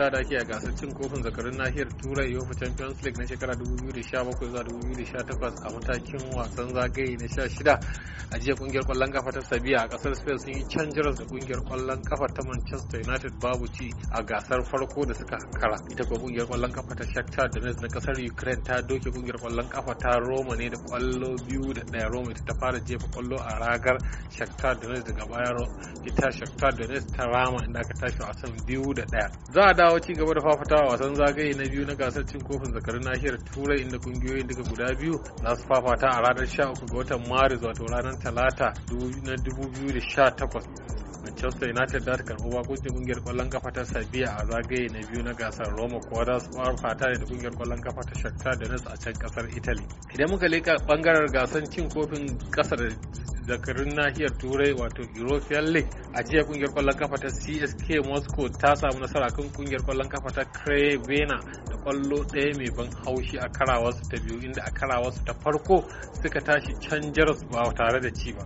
ta da ake a gasar cin kofin zakarun nahiyar turai yofu champions league na shekara 2017 zuwa 2018 a matakin wasan zagaye na 16 a jiya kungiyar kwallon kafa ta sabiya a kasar spain sun yi canjiras da kungiyar kwallon kafa ta manchester united babu ci a gasar farko da suka kara ita kuwa kungiyar kwallon kafa ta shakhtar donetsk na kasar ukraine ta doke kungiyar kwallon kafa ta roma ne da kwallo biyu da daya roma ita ta fara jefa kwallo a ragar shakhtar donetsk daga baya ita shakhtar donetsk ta rama inda aka tashi wasan biyu da daya za a dawo kawo ci gaba da fafatawa wasan zagaye na biyu na gasar cin kofin zakarun nahiyar turai inda kungiyoyin duka guda biyu za su fafata a ranar 13 ga watan maris wato ranar talata na 2018 Manchester United za ta karɓi bakuncin kungiyar kwallon kafa ta Sabiya a zagaye na biyu na gasar Roma kuwa za su fata da kungiyar kwallon kafa ta Shakhtar Donetsk a can kasar Italy. Idan muka leka bangaren gasar cin kofin kasar zakarun nahiyar turai wato european league a jiya kungiyar kwallon kafa ta csk moscow ta samu nasara kan kungiyar kwallon kafa ta crevena kwallo ɗaya mai ban haushi a karawarsu ta biyu inda a karawarsu ta farko suka tashi can jaras ba tare da ci ba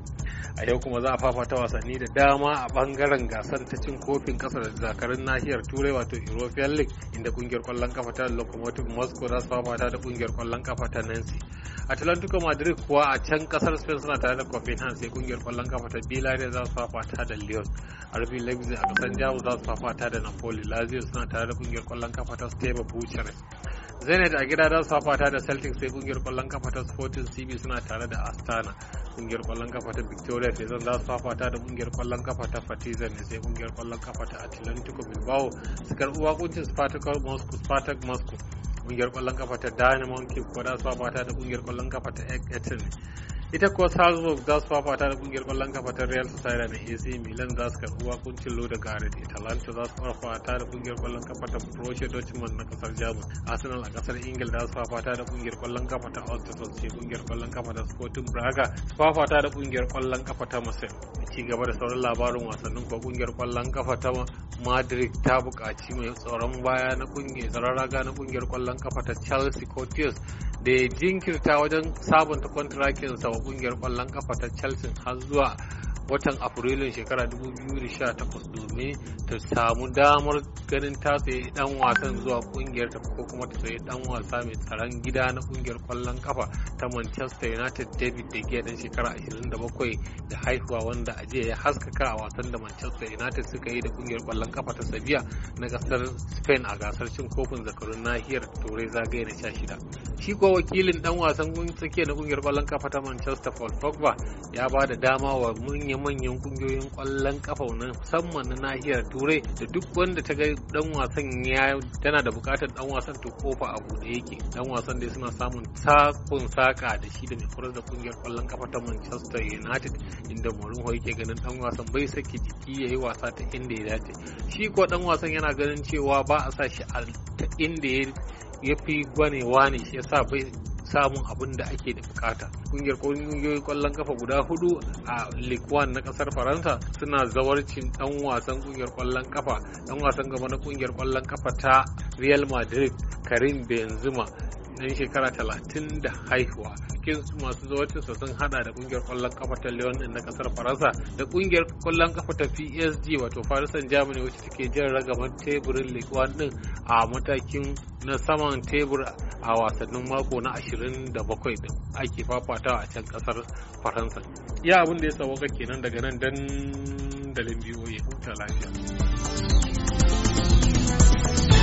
a yau kuma za a fafata wasanni da dama a bangaren gasar ta cin kofin kasa da zakarin nahiyar turai wato european league inda kungiyar kwallon kafa ta locomotive moscow za su fafata da kungiyar kwallon kafa ta nancy atlantico madrid kuwa a can kasar spain suna tare da copenhagen sai kungiyar kwallon kafa ta villarreal za su fafata da lyon rb leipzig a kasan jamus za su fafata da napoli lazio suna tare da kungiyar kwallon kafa ta stable intanet zenit a gida za su fafata da celtics sai kungiyar kwallon kafa ta sporting cb suna tare da astana kungiyar kwallon kafa ta victoria zan za su fafata da kungiyar kwallon kafa ta partizan ne sai kungiyar kwallon kafa ta atlantico bilbao su karbi wakuncin spartak moscow kungiyar kwallon kafa ta dynamo kip kuwa za su fafata da kungiyar kwallon kafa ta eton ita kuwa salzburg za su fafata da kungiyar kwallon kafa ta real society da ac milan za su karbi wakuncin lo da gareth atalanta za su fafata da kungiyar kwallon kafa ta borussia dortmund na kasar jamus arsenal a kasar ingil za su fafata da kungiyar kwallon kafa ta austerlitz ce kungiyar kwallon kafa ta sporting braga su fafata da kungiyar kwallon kafa ta marseille ci gaba da sauran labarin wasannin kuwa kungiyar kwallon kafa ta madrid ta buƙaci mai tsaron baya na kungiyar tsaron raga na kungiyar kwallon kafa ta chelsea cotius da ya jinkirta wajen sabunta kwantarakin sa wa kungiyar kwallon kafa ta Chelsea har zuwa watan afrilun shekara 2018 domin ta samu damar ganin ta sayi dan wasan zuwa kungiyar ta ko kuma ta sayi dan wasa mai tsaron gida na kungiyar kwallon kafa ta manchester united david da giya dan shekara 27 da haihuwa wanda a jiya ya haskaka a wasan da manchester united suka yi da kungiyar kwallon kafa ta sabiya na kasar spain a gasar cin kofin zakarun nahiyar turai zagaye na shida. shi ko wakilin dan wasan tsakiya na kungiyar kwallon kafa ta Manchester Paul Pogba ya ba da dama wa manya-manyan kungiyoyin kwallon kafa na musamman na nahiyar Turai da duk wanda ta ga dan wasan ya tana da bukatar dan wasan to kofa a bude yake dan wasan dai suna samun sakun saka da shi da mai da kungiyar kwallon kafa ta Manchester United inda Mourinho yake ganin dan wasan bai saki jiki yayi wasa ta inda ya dace shi ko dan wasan yana ganin cewa ba a sa shi a inda ya ya fi gwanewa ne shi yasa bai samun abin da ake da bukata kungiyar kungiyoyin kwallon kafa guda hudu a likwan na kasar Faransa suna zawarcin dan wasan kungiyar kwallon kafa dan wasan gaba na kungiyar kwallon kafa ta Real Madrid Karim Benzema dan shekara 30 da haihuwa cikin masu su sun hada da kungiyar kwallon kafa ta Lyon na kasar Faransa da kungiyar kwallon kafa ta PSG wato Paris Saint-Germain wacce take jin ragaman teburin Ligue 1 din a matakin na saman tebur a wasannin mako na 27 din ake fafatawa a can kasar Faransa. Ya abin da ya sauka kenan daga nan dandalin biyoyi huta lafiya.